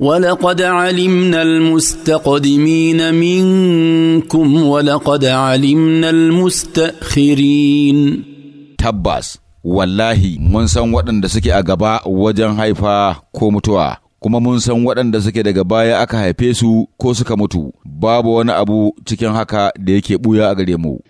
ولقد علمنا المستقدمين منكم ولقد علمنا المستأخرين تبس wallahi mun san waɗanda suke a gaba wajen haifa ko mutuwa kuma mun san waɗanda suke daga baya aka haife su ko suka mutu babu wani abu cikin haka da yake ɓuya a gare mu